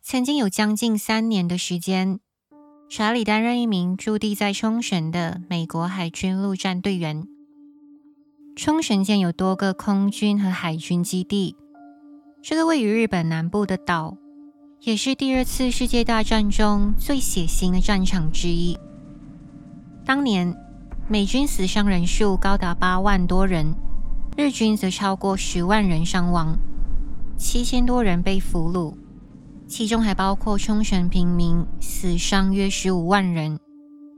曾經有將近三年的時間，查理擔任一名駐地在沖繩的美國海軍陸戰隊員。沖繩縣有多個空軍和海軍基地，這個位於日本南部的島，也是第二次世界大戰中最血腥的戰場之一。當年美軍死傷人數高達八萬多人。日軍則超過十萬人傷亡，七千多人被俘虜，其中還包括沖繩平民，死傷約十五萬人，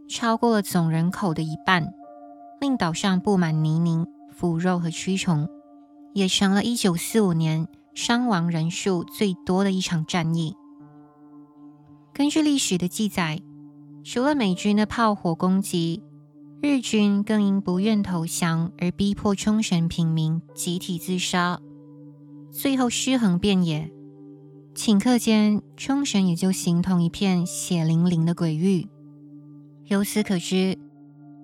超過了總人口的一半，令島上佈滿泥濘、腐肉和蛆蟲，也成了一九四五年傷亡人數最多的一場戰役。根據歷史的記載，除了美軍的炮火攻擊，日軍更因不願投降而逼迫沖繩平民集體自殺，最後屍橫遍野，頃刻間沖繩也就形同一片血淋淋的鬼域。由此可知，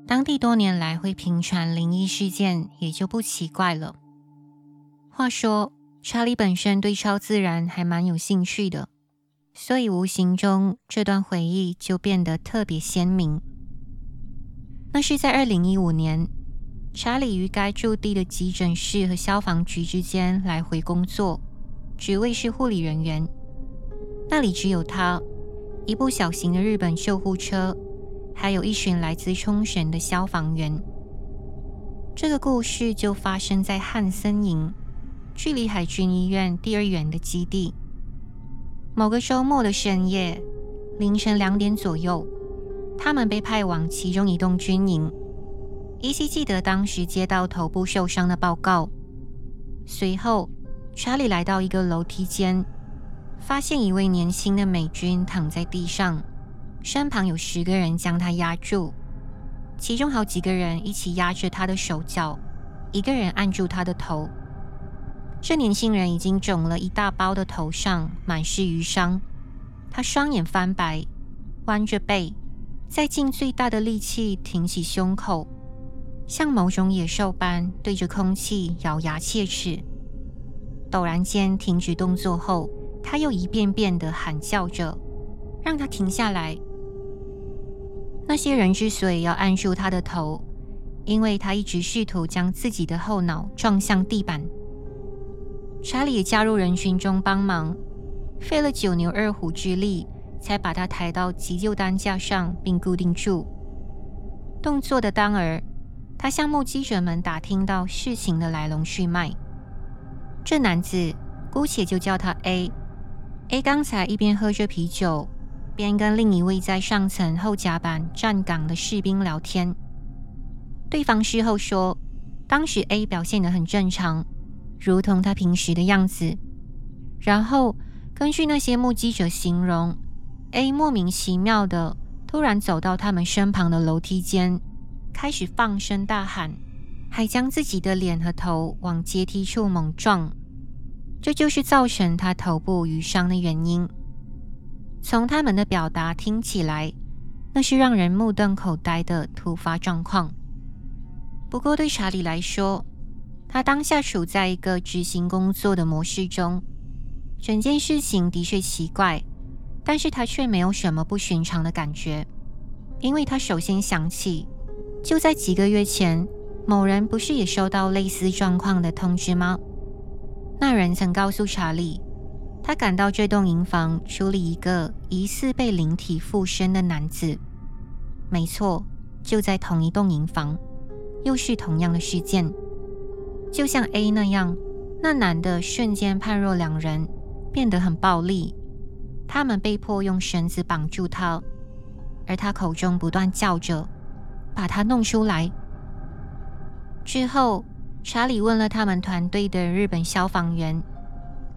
當地多年來會頻傳靈異事件也就不奇怪了。話說，查理本身對超自然還蠻有興趣的，所以無形中這段回憶就變得特別鮮明。那是在二零一五年，查理於該駐地的急診室和消防局之間來回工作，職位是護理人員。那裡只有他，一部小型的日本救護車，還有一群來自沖繩的消防員。這個故事就發生在漢森營，距離海軍醫院第二遠的基地。某個週末的深夜，凌晨兩點左右。他們被派往其中一棟軍營。依稀記得當時接到頭部受傷的報告。隨後，查理來到一個樓梯間，發現一位年輕的美軍躺在地上，身旁有十個人將他壓住，其中好幾個人一起壓着他的手腳，一個人按住他的頭。這年輕人已經腫了一大包的頭上，滿是瘀傷，他雙眼翻白，彎着背。再盡最大的力氣挺起胸口，像某種野獸般對着空氣咬牙切齒。陡然間停止動作後，他又一遍遍地喊叫着：“讓他停下來！”那些人之所以要按住他的頭，因為他一直試圖將自己的後腦撞向地板。查理也加入人群中幫忙，費了九牛二虎之力。才把他抬到急救擔架上，並固定住。動作的當兒，他向目擊者們打聽到事情的來龍去脈。這男子姑且就叫他 A。A 剛才一邊喝着啤酒，邊跟另一位在上層後甲板站崗的士兵聊天。對方事後說，當時 A 表現得很正常，如同他平時的樣子。然後根據那些目擊者形容，A 莫名其妙的突然走到他們身旁的樓梯間，開始放聲大喊，還將自己的臉和頭往階梯處猛撞，這就是造成他頭部瘀傷的原因。從他們的表達聽起來，那是讓人目瞪口呆的突發狀況。不過對查理來說，他當下處在一個執行工作的模式中，整件事情的確奇怪。但是他卻沒有什麼不尋常的感覺，因為他首先想起，就在幾個月前，某人不是也收到類似狀況的通知嗎？那人曾告訴查理，他趕到這棟營房處理一個疑似被靈體附身的男子。沒錯，就在同一棟營房，又是同樣的事件，就像 A 那樣，那男的瞬間判若兩人，變得很暴力。他們被迫用繩子綁住他，而他口中不斷叫着“把他弄出來”。之後，查理問了他們團隊的日本消防員，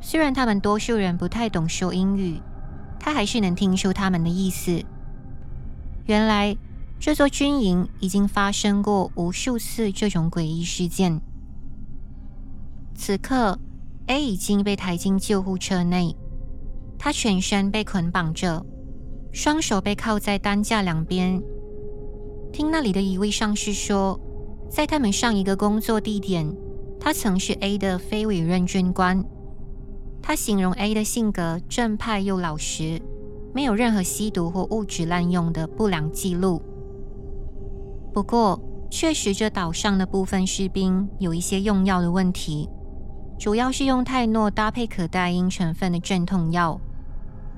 雖然他們多數人不太懂說英語，他還是能聽出他們的意思。原來，這座軍營已經發生過無數次這種詭異事件。此刻，A 已經被抬進救護車內。他全身被捆綁着，雙手被銬在擔架兩邊。聽那裡的一位上士說，在他們上一個工作地點，他曾是 A 的非委任軍官。他形容 A 的性格正派又老實，沒有任何吸毒或物質濫用的不良記錄。不過，確實這島上的部分士兵有一些用藥的問題，主要是用泰諾搭配可待因成分的鎮痛藥。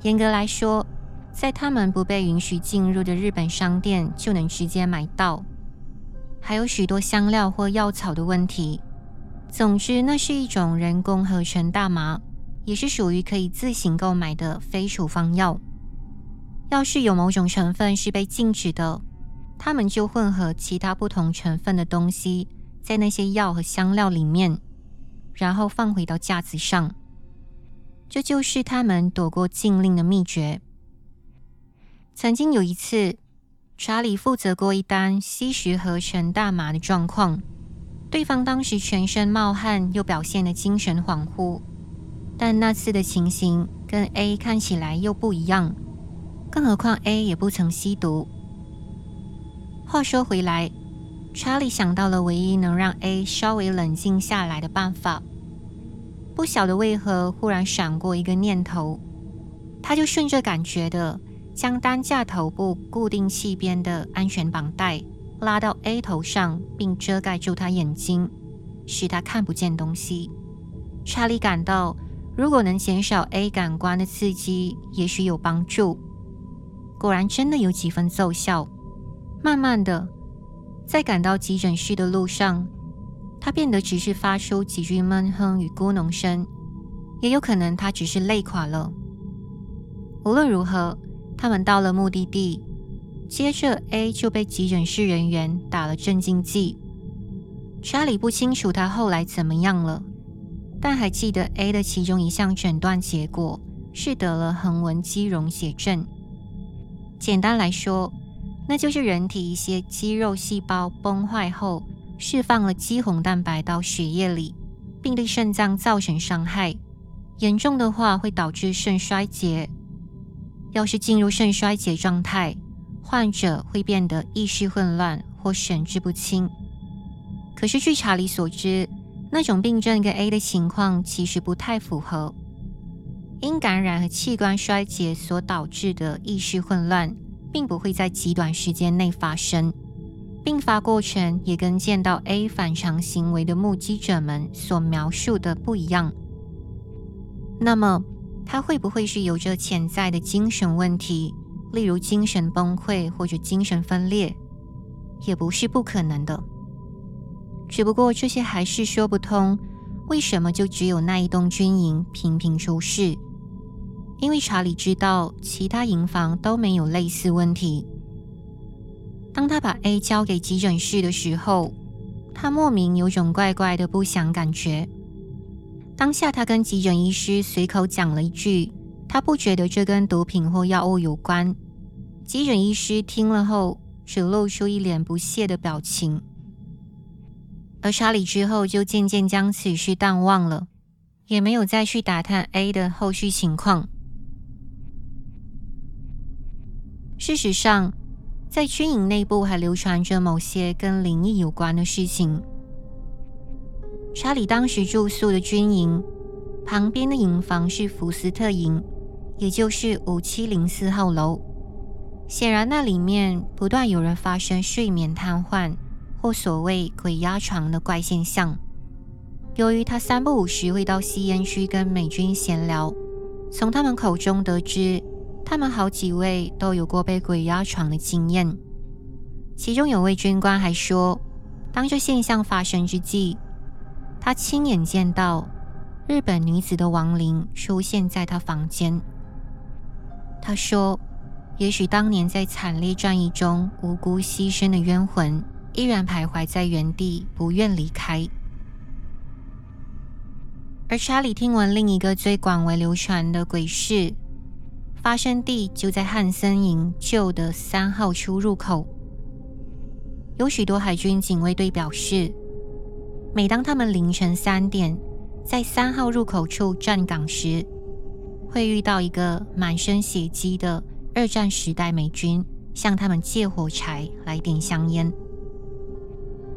嚴格來說，在他們不被允許進入的日本商店就能直接買到，還有許多香料或藥草的問題。總之，那是一種人工合成大麻，也是屬於可以自行購買的非處方藥。要是有某種成分是被禁止的，他們就混合其他不同成分的東西在那些藥和香料裡面，然後放回到架子上。這就是他們躲過禁令的祕訣。曾經有一次，查理負責過一單吸食合成大麻的狀況，對方當時全身冒汗，又表現得精神恍惚。但那次的情形跟 A 看起來又不一樣，更何況 A 也不曾吸毒。話說回來，查理想到了唯一能讓 A 稍微冷靜下來的辦法。不曉得為何，忽然閃過一個念頭，他就順着感覺的，將擔架頭部固定器邊的安全綁帶拉到 A 頭上，並遮蓋住他眼睛，使他看不見東西。查理感到，如果能減少 A 感官的刺激，也許有幫助。果然，真的有幾分奏效。慢慢的，在趕到急診室的路上。他變得只是發出幾句悶哼與咕噥聲，也有可能他只是累垮了。無論如何，他們到了目的地。接着，A 就被急診室人員打了鎮靜劑。查理不清楚他後來怎麼樣了，但還記得 A 的其中一項診斷結果是得了橫紋肌溶解症。簡單來說，那就是人體一些肌肉細胞崩壞後。釋放了肌紅蛋白到血液裡，並對腎臟造成傷害。嚴重的話會導致腎衰竭。要是進入腎衰竭狀態，患者會變得意識混亂或神志不清。可是據查理所知，那種病症跟 A 的情況其實不太符合。因感染和器官衰竭所導致的意識混亂，並不會在極短時間內發生。病發過程也跟見到 A 反常行為的目擊者們所描述的不一樣。那麼，他會不會是有着潛在的精神問題，例如精神崩潰或者精神分裂，也不是不可能的。只不過這些還是說不通，為什麼就只有那一棟軍營頻頻出事？因為查理知道其他營房都沒有類似問題。當他把 A 交給急診室的時候，他莫名有種怪怪的不祥感覺。當下他跟急診醫師隨口講了一句：“他不覺得這跟毒品或藥物有關。”急診醫師聽了後，只露出一臉不屑的表情。而查理之後就漸漸將此事淡忘了，也沒有再去打探 A 的後續情況。事實上。在軍營內部還流傳着某些跟靈異有關的事情。查理當時住宿的軍營旁邊的營房是福斯特營，也就是五七零四號樓。顯然，那裡面不斷有人發生睡眠癱瘓或所謂鬼壓床的怪現象。由於他三不五時會到吸煙區跟美軍閒聊，從他們口中得知。他們好幾位都有過被鬼壓床的經驗，其中有位軍官還說，當這現象發生之際，他親眼見到日本女子的亡靈出現在他房間。他說，也許當年在慘烈戰役中無辜犧牲的冤魂，依然徘徊在原地，不願離開。而查理聽聞另一個最廣為流傳的鬼事。發生地就在漢森營舊的三號出入口。有許多海軍警衛隊表示，每當他們凌晨三點在三號入口處站崗時，會遇到一個滿身血跡的二戰時代美軍向他們借火柴來點香煙。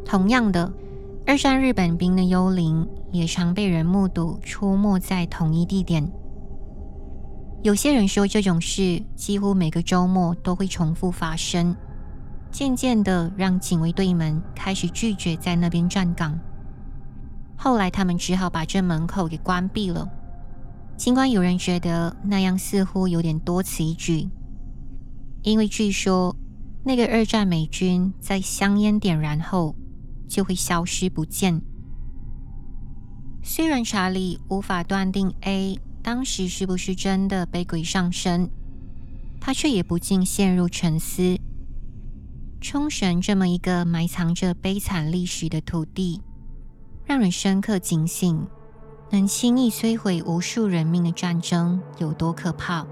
同樣的，二戰日本兵的幽靈也常被人目睹出沒在同一地點。有些人說，這種事幾乎每個周末都會重複發生，漸漸的讓警衛隊們開始拒絕在那邊站崗。後來，他們只好把這門口給關閉了。儘管有人覺得那樣似乎有點多此一舉，因為據說那個二戰美軍在香菸點燃後就會消失不見。雖然查理無法斷定 A，當時是不是真的被鬼上身？他卻也不禁陷入沉思。沖繩這麼一個埋藏着悲慘歷史的土地，讓人深刻警醒：能輕易摧毀無數人命的戰爭有多可怕？